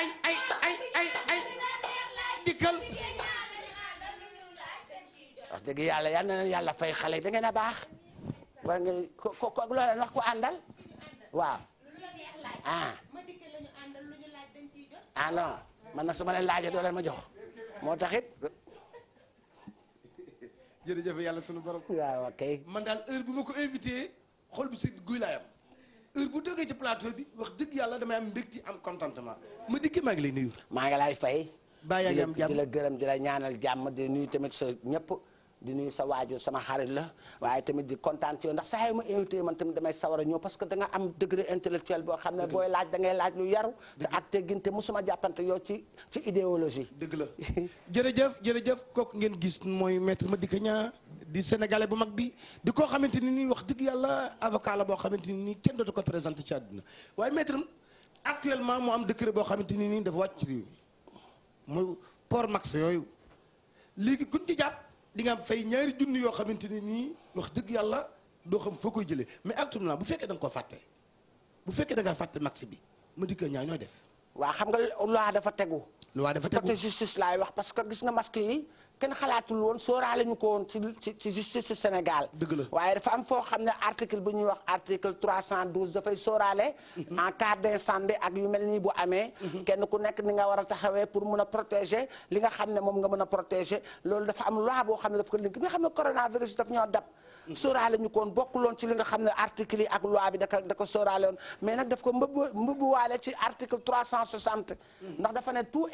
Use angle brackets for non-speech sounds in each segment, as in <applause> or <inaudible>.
ay ay ay ay ay dikkal wax yàlla yal na yàlla fay xale da ngeen a baax war nga ko ko ko loo leen àndal waaw ah ah non man na su ma leen laajee doo ma jox moo taxit jërëjëf yàlla sunu borom waaw kay man daal heure bu ma ko invité xol bu si guy laayam heure bu dëggee ci plateau bi wax dëgg yàlla damay am mbégte am contentement ma dikki maa ngi lay nuyu. maa ngi lay fay. baa yaa ngi am jàmm di la gërëm di la ñaanal jàmm di nuyu tamit sa ñëpp. di nuyu sa waajur sama xarit la waaye tamit di kontaan ci yow ndax saa yu ma invité man tamit damay sawar a ñëw parce que da nga am degré intellectuel boo xam ne booy laaj da ngay laaj lu yaru te ak teggin te musuma jàppante yow ci ci dëgg la <laughs> jërëjëf jërëjëf kooku ngeen gis mooy ma Madické ñaa di sénégale bu mag bi di koo xamante ni nii wax dëgg yàlla avocat la boo xamante ni nii kenn dootu ko présenté ci àdduna waaye metre actuellement mu am décret boo xamante ni nii dafa wàcc réew mi mooy port yooyu di nga am fay ñaari junni yoo xamante ni nii wax dëgg yàlla doo xam foo koy jëlee mais actuellement bu fekkee danga koo ko fàtte bu fekkee da nga fàtte max bi ma dikk ñaa ñooy def. waaw xam nga loi dafa tegu. loi dafa tegu côté justice laay wax parce que gis nga masque yi. kenn xalaatul woon sóoraale ñu ko woon ci ci justice Sénégal. dëgg la waaye dafa am foo xam ne article bu ñuy wax trois cent 312 dafay sóoraale. Mhm. en cas d'incendie ak yu mel nii boo amee. Mhm. kenn ku nekk ni nga war a taxawee pour mun a protéger li nga xam ne moom nga mën a protéger loolu dafa am laa boo xam ne daf ko link bi nga xam ne coronavirus daf ñoo dab. sóoraale ñu koon bokkuloon ci li nga xam ne article yi ak loi daka da ko sóoraale woon mais nag daf ko mbëbb mbëbbuwaale ci article 360 ndax dafa ne tout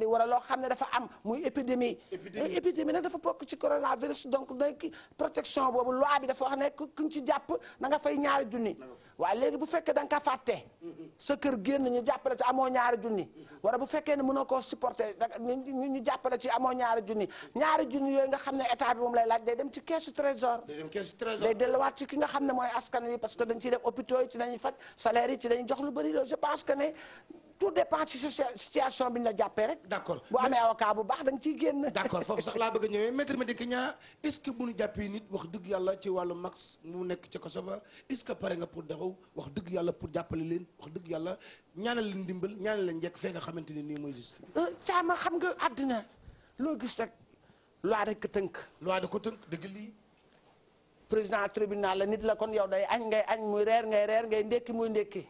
bi wala loo xam ne dafa am muy épidémie épidémie nag dafa bokk ci coronavirus donc day protection boobu loi bi dafa wax ne kuñ ci jàpp na fay ñaari junni waaye léegi bu fekkee da nga ka fàtte sa kër génn ñu jàppale ci amoo ñaari junni wala bu fekkee ne mënoo koo supporter ñu ñu jàppale ci amoo ñaari junni ñaari junni yooyu nga xam ne état bi moom lay laaj day dem ci keesu trésor day delluwaat ci ki nga xam ne mooy askan wi parce que dañ ciy def hôpitaux yi ci dañuy faj salaire yi ci dañuy jox lu bëri loolu je pense que tout dépend ci situation bi ñu la jàppee rek. d' accord amee avocat bu baax da nga ciy génn. <laughs> d' accord foofu sax laa bëgg a ñëwee maître Madické Niang est ce que bu ñu jàppee nit wax dëgg yàlla ci wàllu max mu nekk ca Kosovo est ce que pare nga pour daxaw wax dëgg yàlla pour jàppale leen wax dëgg yàlla ñaanal leen dimbal ñaanal leen njëkk fee nga xamante ne nii mooy justice. caama euh, xam nga àddina loo gis rek loi da ko tënk. loi da ko tënk dëgg lii. président tribunal la nit la kon yow day añ ngay añ muy reer ngay reer ngay ndékki muy ndékki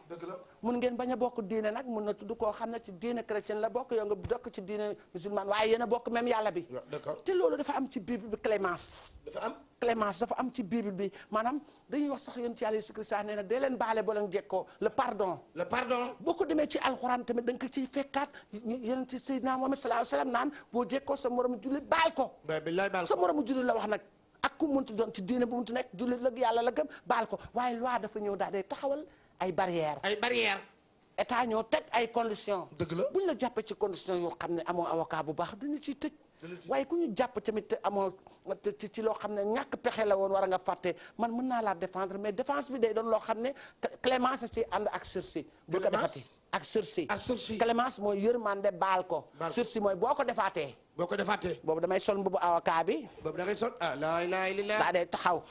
mun ngeen bañ a bokk diine nag mun na tudd ko xam ne ci diine chrétien la bokk yow nga dokk ci diine musulman waaye yéen a bokk même yàlla bi te loolu dafa am ci bible bi clémence dafa am clémence am ci bible bi maanaam dañuy wax sax yoon ci yàlla Yesu Christ nee na dee leen baale boo leen jekkoo le pardon le pardon boo ko demee ci alxuraan tamit da nga ko ciy fekkaat yéen ci Seydina Muhammad sallallahu alayhi wa sallam naan boo jekkoo sa moromu jullit baal ko sa moromu jullit la wax nag ak ku muntu doon ci diine bu muntu nekk jullit la yàlla la gëm baal ko waaye loi dafa ñëw daal day taxawal ay barrières. ay barrières. état ñoo teg ay conditions. dëgg la buñ la jàppee ci conditions yoo xam ne amoo avocat bu baax duñu ciy tëj. waaye ku ñu jàpp tamit te amoo ci ci loo xam ne ñàkk pexe la woon war a nga fàtte man mën naa laa défendre mais défense bi day doon loo xam ne clémence ci ànd ak sursis bul ko defati ak sursis ak sursis clémence mooy yërmande baal ko sursis mooy boo ko defaatee boo ko defaatee boobu damay sol mbubu avocat bi boobu da ngay sol ah laa ilaaha illallaah daa day taxaw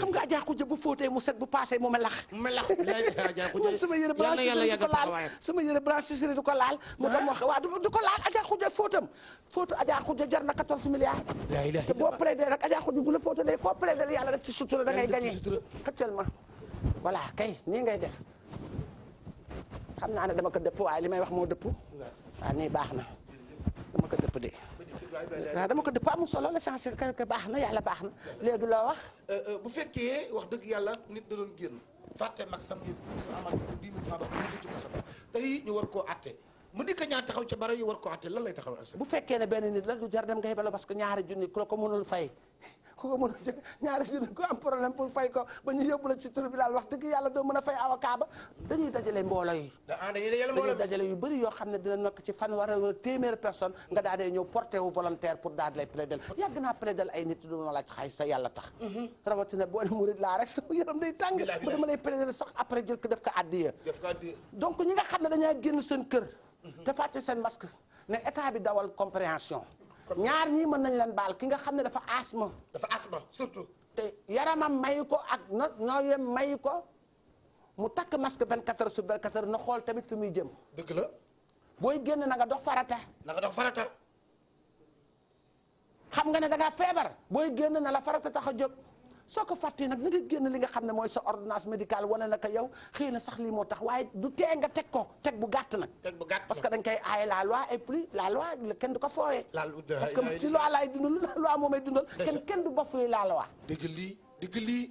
xam nga ajaa ko jë bu fóotee mu set bu paasee mu melax melax man <laughs> sama yëre branché du ko sama yëre branché séré du ko laal mu tax ma waaw du ko laal ajaa ko jë fóotam fóotu ajaa ko jë jar na 14 milliards te boo plaidé rek ajaa ko jë bu la fóote day foo plaidé la yàlla def ci sutura da ngay gagné xëccal ma voilà kay nii ngay def xam naa ne dama ko dëpp waaye li may wax moo dëpp a nii baax na dama ko dëpp de Ah, dama ko dëpp amul solo la l'essentiel que baax na yàlla baax na léegi loo wax. Euh, euh, bu fekkee wax dëgg yàlla nit da doon génn fàtte mag sam nit amal dix mille francs ci ko sam tey ñu war koo atte mu dikk ñaar taxaw ca bara yu war koo atte lan lay taxaw ak bu fekkee ne benn nit la du jar dem nga yebalo parce que ñaari junni ku la ko mënul fay ku ko mën a jël ñaari junni ku am problème pour fay ko ba ñu yóbbu la ci tribunal wax dëgg yàlla doo mën a dajale mbooloo yi ah, dañuy dajale yu bëri yoo xam ne dina nekk ci fan war a téeméer personne nga daa dee ñëw porté wu volontaire pour daal di lay plaidel yàgg naa plaidel ay nit du ma laaj xaalis sa yàlla tax mm-hmm. rawatina boo ne murid laa rek sama yaram day tàng bu dama lay plaidel sax après jël ko def ko addiya donc ñi nga xam ne dañaa génn seen kër te mm-hmm. fàtte seen masque ne état dawal compréhension kon ñaar ñii mën nañ leen baal ki nga xam ne dafa asma. dafa asma surtout. te yaramam may ko ak no nooyem may ko mu takk masque 24 heures sur 24 heures na xool tamit fi muy jëm. dëgg la. booy génne na nga dox farata. na nga dox farata. xam nga ne da ngaa feebar. booy génn na la farata tax a jóg. soo ko fàttee nag na nga li nga xam ne mooy sa ordonnance médicale wane na ko yow xëy na moo tax waaye du tee nga teg ko teg bu gàtt parce que dañ koy aaye la loi et puis la loi kenn du ko fooyee. parce que ci loi laay dundal <laughs> la loi moomay dundal. kenn kenn du bafoué la loi. dëgg lii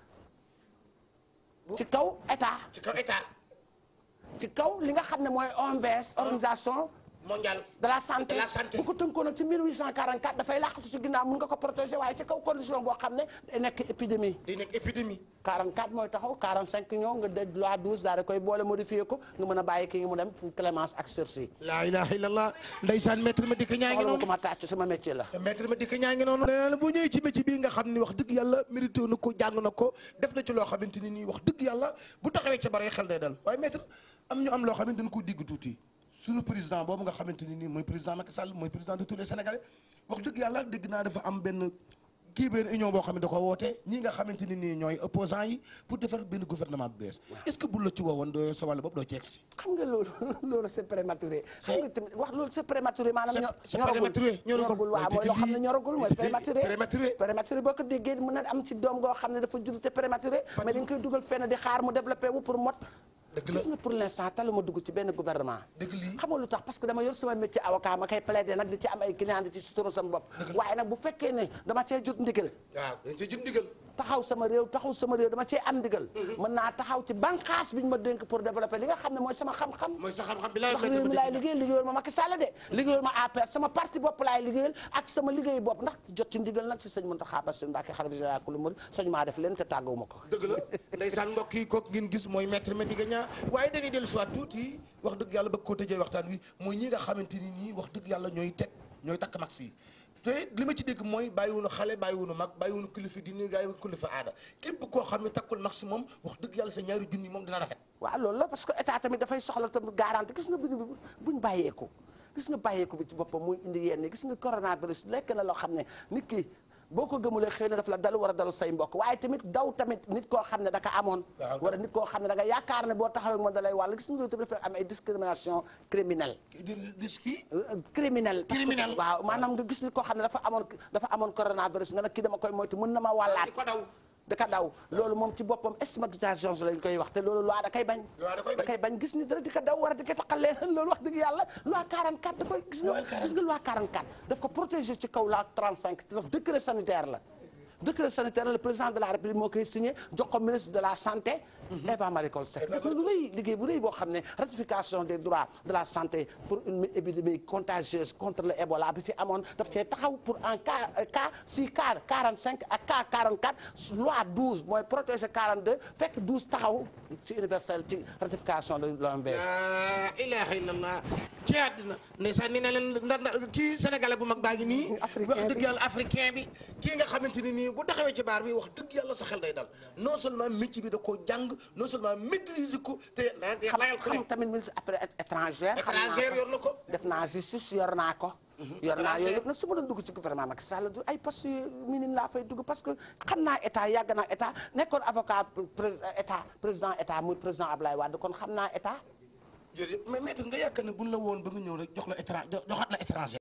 ci kaw état. ci kaw état. ci kaw li nga xam ne mooy OMVS ah. organisation. mondial de la santé bu ko tënkoon nag ci 1844 dafay làqatu ci ginnaaw mun nga ko protéger waaye ci kaw condition boo xam ne day nekk épidémie. day nekk épidémie. 44 mooy taxaw daal koy boole modifié ko nga mën a bàyyi kii mu dem clémence ak sursis. laa ilaha illallah ndeysaan maître ma dikk ñaa ngi noonu boo ñëwee ci métier bii nga xam ni wax dëgg yàlla mérité na ko jàng na ko def na ci loo xamante ni nii wax dëgg yàlla bu taxawee ca xam ne dañ ko digg tuuti suñu président boobu nga xamante ni nii mooy président Macky Sall mooy président de tous les Sénégalais wax dëgg yàlla dégg naa dafa am benn kii benn union boo xam ne da ko woote ñi nga xamante ni nii ñooy opposants yi pour defar benn gouvernement bu bees est-ce que bu la ci woowoon doo sa wàll boobu doo ceeg si xam ne ñoragul mooy prématuré ko déggee mën na am ci doom goo xam ne dafa jur te prématuré mais dañ koy dugal fenn di xaar mu développé wu pour mot gis nga pour l'instant taluma dugg ci benn gouvernement xam nga lu tax parce que dama yor sama métier avocat ma koy plaider nag di ci am ay client di ci suturu sama bopp waaye nag bu fekkee ne dama cee jot ndigal waaw dañ cee jot ndigal taxaw sama réew taxaw sama réew dama cee am ndigal mm-hmm. mën naa taxaw ci banqaas bi ñu ma dénk pour développer li nga xam ne mooy sama xam-xam mooy sa xam-xam bi laay liggéey mi laay liggéeyal liggéeyal ma Macky Sall de liggéeyal ma APR sama parti bopp laay liggéeyal ak sama liggéey bopp ndax jot ci ndigal nag si sëñ Mountakha Bassirou Mbacké xalifa général ku lu murid sëñ maa def leen te tàggawu ma ko dëgg la ndeysaan mbokk yi kook gis mooy maître Madické Niang waaye dañuy dellu soit tuuti wax dëgg yàlla bëgg koo tëjee waxtaan wi mooy ñi nga xamante ni wax dëgg yàlla ñooy te ñooy takk max yi te li ma ci dégg mooy bàyyiwunu xale bàyyiwunu mag bàyyiwunu kilifa diine bàyyiwunu kilifa aada képp koo xam ne takkul moom wax dëgg yàlla sa ñaari junni moom dina rafet. waaw loolu la parce que état tamit dafay soxla tamit garanti gis nga bu buñ bàyyeeku gis nga bàyyeeku bi ci boppam muy indi yenn gis nga coronavirus lekk na loo xam ne nit ki boo ko gëmulee xëy na daf la dal war a dalu say mbokk waaye tamit daw tamit nit koo xam ne daka amoon wala nit koo xam ne da nga yaakaar ne boo taxawee moom da lay wàll gis nga tamit dafa am ay discrimination criminelle euh, criminelle criminelle waaw maanaam nga gis nit koo xam ne dafa amoon dafa amoon coronavirus nga ne kii dama koy moytu mën na ma wàllaat daka daw loolu moom ci boppam stigmatisation lañ koy wax te loolu loi kay koy bañ da koy bañ gis ni dara di ko daw war a di ko taqal leen <laughs> loolu wax dëgg yàlla loi 44 da koy gis nga gis nga loi 44 daf ko protéger ci kaw loi 35 daf décret sanitaire la décret sanitaire le président de la république moo koy signé jox ko ministre de la santé. Mhm. Eva Marie Coll Seck. Eva Marie Coll Seck liggéey liggéey de la santé pour une épidémie contagieuse contre le Ebola pour en cas euh, cas si cas 45 ak cas 44 loi 12 mooy protéger 42 fekk 12 taxaw ci universel ratification de l'OMS. ilaaha illallah ci àddina ndeysaan ne leen kii sénégalais africain bi wax dëgg ni bu taxawee ci baar bi wax dëgg yalla sa xel day dal non seulement métier bi da koo jàng non seulement maîtriser ko te. layal xam nga tamit ministre affaires étrangères. étrangères yor na def naa justice yor naa ko. Mhm. yor naa yooyu yëpp nag su ma doon dugg ci gouvernement Macky Sall du ay poste minime laa fay dugg parce que xam naa état yàgg naa état nekkoon avocat état président état muy président Ablaye Wade kon xam naa état. jërëjëf mais la woon ba jox la étranger joxaat